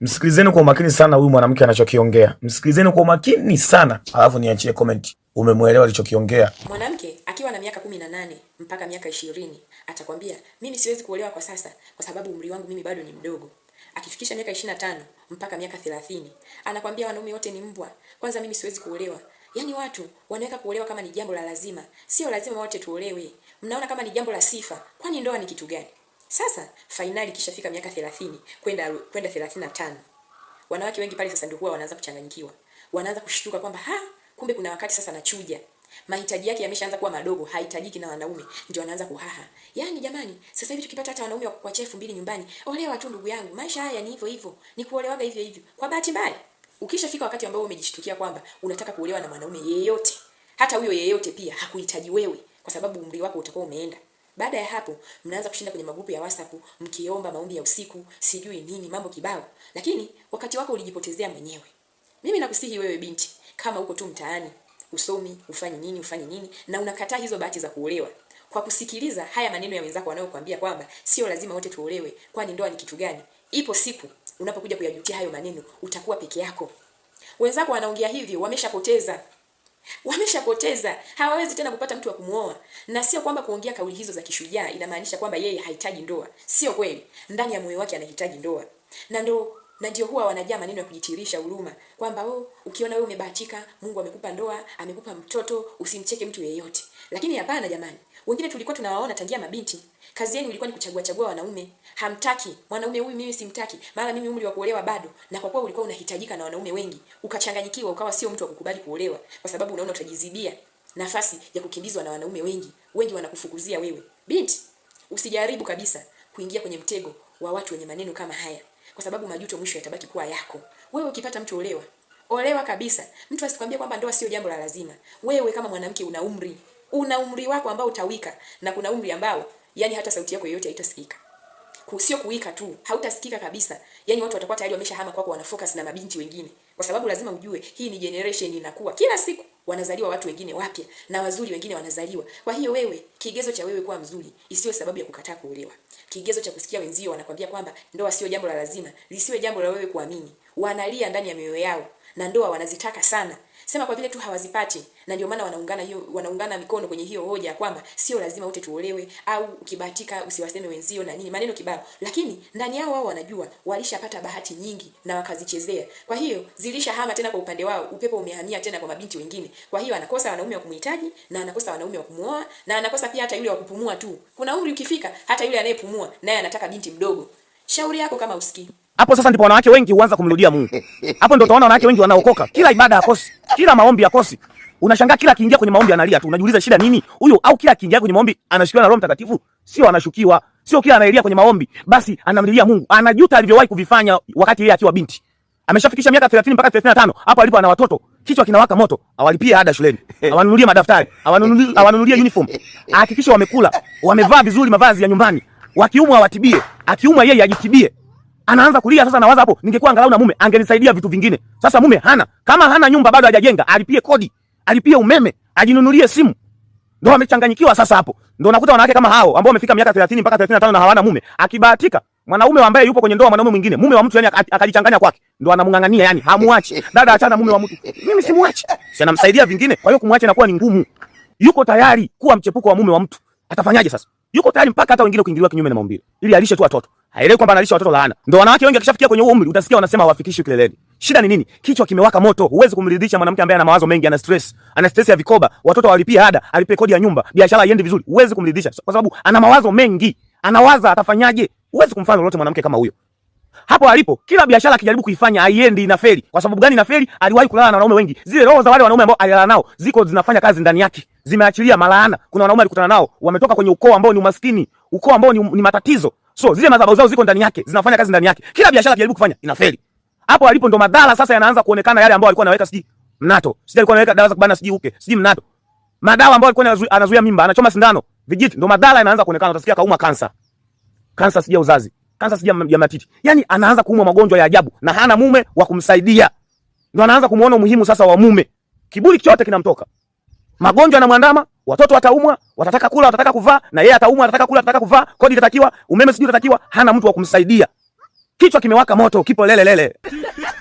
Msikilizeni kwa umakini sana huyu mwanamke anachokiongea, msikilizeni kwa umakini sana alafu niachie comment. Umemwelewa alichokiongea mwanamke? Akiwa na miaka kumi na nane mpaka miaka ishirini atakwambia mimi siwezi kuolewa kwa sasa kwa sababu umri wangu mimi bado ni mdogo. Akifikisha miaka ishirini na tano mpaka miaka thelathini anakwambia wanaume wote ni mbwa, kwanza mimi siwezi kuolewa. Yaani watu wanaweka kuolewa kama ni jambo la lazima. Sio lazima wote tuolewe. Mnaona kama ni jambo la sifa. Kwani ndoa ni kitu gani? Sasa fainali kishafika miaka 30 kwenda kwenda 35, wanawake wengi pale sasa ndio huwa wanaanza kuchanganyikiwa, wanaanza kushtuka kwamba ha, kumbe kuna wakati sasa nachuja mahitaji yake yameshaanza kuwa madogo, hahitajiki na wanaume, ndio wanaanza kuhaha. Yaani jamani, sasa hivi tukipata hata wanaume wa kukuachia elfu mbili nyumbani, olewa tu ndugu yangu, maisha haya ni hivyo hivyo, ni kuolewaga hivyo hivyo. Kwa bahati mbaya, ukishafika wakati ambao umejishtukia kwamba unataka kuolewa na mwanaume yeyote, hata huyo yeyote pia hakuhitaji wewe, kwa sababu umri wako utakuwa umeenda baada ya hapo, mnaanza kushinda kwenye magrupu ya WhatsApp mkiomba maombi ya usiku, sijui nini, mambo kibao, lakini wakati wako ulijipotezea mwenyewe. Mimi nakusihi wewe binti, kama uko tu mtaani, usomi, ufanye nini, ufanye nini na unakataa hizo bahati za kuolewa kwa kusikiliza haya maneno ya wenzako wanayokuambia kwamba sio lazima wote tuolewe, kwani ndoa ni kitu gani? Ipo siku unapokuja kuyajutia hayo maneno, utakuwa peke yako. Wenzako wanaongea hivyo, wameshapoteza Wameshapoteza, hawawezi tena kupata mtu wa kumwoa. Na sio kwamba kuongea kauli hizo za kishujaa inamaanisha kwamba yeye hahitaji ndoa, sio kweli. Ndani ya moyo wake anahitaji ndoa, na ndo na ndio huwa wanajaa maneno ya kujitirisha huruma kwamba oh, ukiona wewe umebahatika, Mungu amekupa ndoa, amekupa mtoto, usimcheke mtu yeyote. Lakini hapana jamani, wengine tulikuwa tunawaona tangia mabinti. Kazi yenu ilikuwa ni kuchagua chagua wanaume. Hamtaki mwanaume huyu, mimi simtaki, Mara mimi umri wa kuolewa bado. Na kwa kuwa ulikuwa unahitajika na wanaume wengi, ukachanganyikiwa, ukawa sio mtu wa kukubali kuolewa, kwa sababu unaona utajizibia nafasi ya kukimbizwa na wanaume wengi, wengi wanakufukuzia wewe. Binti, usijaribu kabisa kuingia kwenye mtego wa watu wenye maneno kama haya kwa sababu majuto mwisho yatabaki kuwa yako. Wewe ukipata mtu, olewa, olewa kabisa. Mtu asikwambie kwamba ndoa sio jambo la lazima. Wewe kama mwanamke una umri, una umri wako ambao utawika, na kuna umri ambao yani hata sauti yako yoyote haitasikika sio kuika tu, hautasikika kabisa. Yaani watu watakuwa tayari wameshahama kwako, wana focus na mabinti wengine, kwa sababu lazima ujue hii ni generation inakuwa kila siku wanazaliwa watu wengine wapya na wazuri wengine wanazaliwa. Kwa hiyo wewe, kigezo cha wewe kuwa mzuri isiwe sababu ya kukataa kuolewa. Kigezo cha kusikia wenzio wanakwambia kwamba ndoa sio jambo la lazima, lisiwe jambo la wewe kuamini. Wanalia ndani ya mioyo yao na ndoa wanazitaka sana. Sema kwa vile tu hawazipati na ndio maana wanaungana hiyo wanaungana mikono kwenye hiyo hoja kwamba sio lazima wote tuolewe au ukibahatika usiwaseme wenzio na nini maneno kibao. Lakini ndani yao wao wanajua walishapata bahati nyingi na wakazichezea. Kwa hiyo zilishahama tena kwa upande wao, upepo umehamia tena kwa mabinti wengine. Kwa hiyo anakosa wanaume wa kumhitaji na anakosa wanaume wa kumuoa na anakosa pia hata yule wa kupumua tu. Kuna umri ukifika hata yule anayepumua naye anataka binti mdogo. Shauri yako kama usikii. Hapo sasa ndipo wanawake wengi huanza kumrudia Mungu. Hapo ndio utaona wanawake wengi wanaokoka. Kila ibada yakosi, kila maombi yakosi. Unashangaa kila akiingia kwenye maombi analia tu. Unajiuliza shida nini? Huyo au kila akiingia kwenye maombi anashukiwa na Roho Mtakatifu? Sio anashukiwa. Sio kila anaelia kwenye maombi, basi anamlilia Mungu. Anajuta alivyowahi kuvifanya wakati yeye akiwa binti. Ameshafikisha miaka 30 mpaka 35. Hapo alipo ana watoto. Kichwa kinawaka moto. Awalipie ada shuleni. Awanunulie madaftari. Awanunulie awanunulie uniform. Ahakikishe wamekula, wamevaa vizuri mavazi ya nyumbani. Wakiumwa awatibie. Akiumwa yeye ajitibie anaanza kulia sasa. Nawaza hapo, ningekuwa angalau na mume angenisaidia vitu vingine. Sasa mume hana, kama hana nyumba bado hajajenga, alipie kodi, alipie umeme, ajinunulie simu, ndo amechanganyikiwa sasa. Hapo ndo nakuta wanawake kama hao ambao wamefika miaka 30 mpaka 35 na hawana mume, akibahatika mwanaume ambaye yupo kwenye ndoa, mwanaume mwingine, mume wa mtu, yani akajichanganya kwake, ndo anamng'ang'ania, yani hamwachi. Dada, achana mume wa mtu, mimi simwachi, si anamsaidia vingine. Kwa hiyo kumwacha inakuwa ni ngumu. Yuko tayari kuwa mchepuko wa mume wa mtu, atafanyaje sasa? Yuko tayari mpaka hata wengine kuingiliwa kinyume na maumbile, ili alishe tu watoto haelewi kwamba analisha watoto laana. Ndio wanawake wengi akishafikia kwenye umri utasikia wanasema hawafikishi kileleni. Shida ni nini? Kichwa kimewaka moto, huwezi kumridhisha mwanamke ambaye ana mawazo mengi, ana stress, ana stress ya vikoba, watoto walipia ada, alipe kodi ya nyumba, biashara haiendi vizuri, huwezi kumridhisha kwa sababu ana mawazo mengi, anawaza atafanyaje. Huwezi kumfanya lolote mwanamke kama huyo. Hapo alipo kila biashara akijaribu kuifanya haiendi, inafeli. Kwa sababu gani inafeli? Aliwahi kulala na wanaume wengi, zile roho za wale wanaume ambao alilala nao ziko zinafanya kazi ndani yake, zimeachilia malaana. Kuna wanaume alikutana nao wametoka kwenye ukoo ambao ni umaskini, ukoo ambao ni, ni matatizo So zile madhabahu zao ziko ndani yake, zinafanya kazi ndani yake. Kila biashara kijaribu kufanya inafeli. Hapo alipo ndo madhara sasa yanaanza kuonekana yale ambao alikuwa anaweka siji mnato. Siji alikuwa anaweka dawa za kubana siji uke, siji mnato. Madawa ambayo alikuwa anazuia mimba, anachoma sindano, vijiti ndo madhara yanaanza kuonekana. Utasikia kauma kansa. Kansa sija uzazi, kansa sija ya matiti. Yaani anaanza kuumwa magonjwa ya ajabu na hana mume wa kumsaidia. Ndio anaanza kumuona umuhimu sasa wa mume. Kiburi chote kinamtoka. Magonjwa yanamwandama, watoto wataumwa, watataka kula, watataka kuvaa, na yeye ataumwa, atataka kula, atataka kuvaa, kodi itatakiwa, umeme sijui utatakiwa, hana mtu wa kumsaidia, kichwa kimewaka moto, kipo lelelele lele.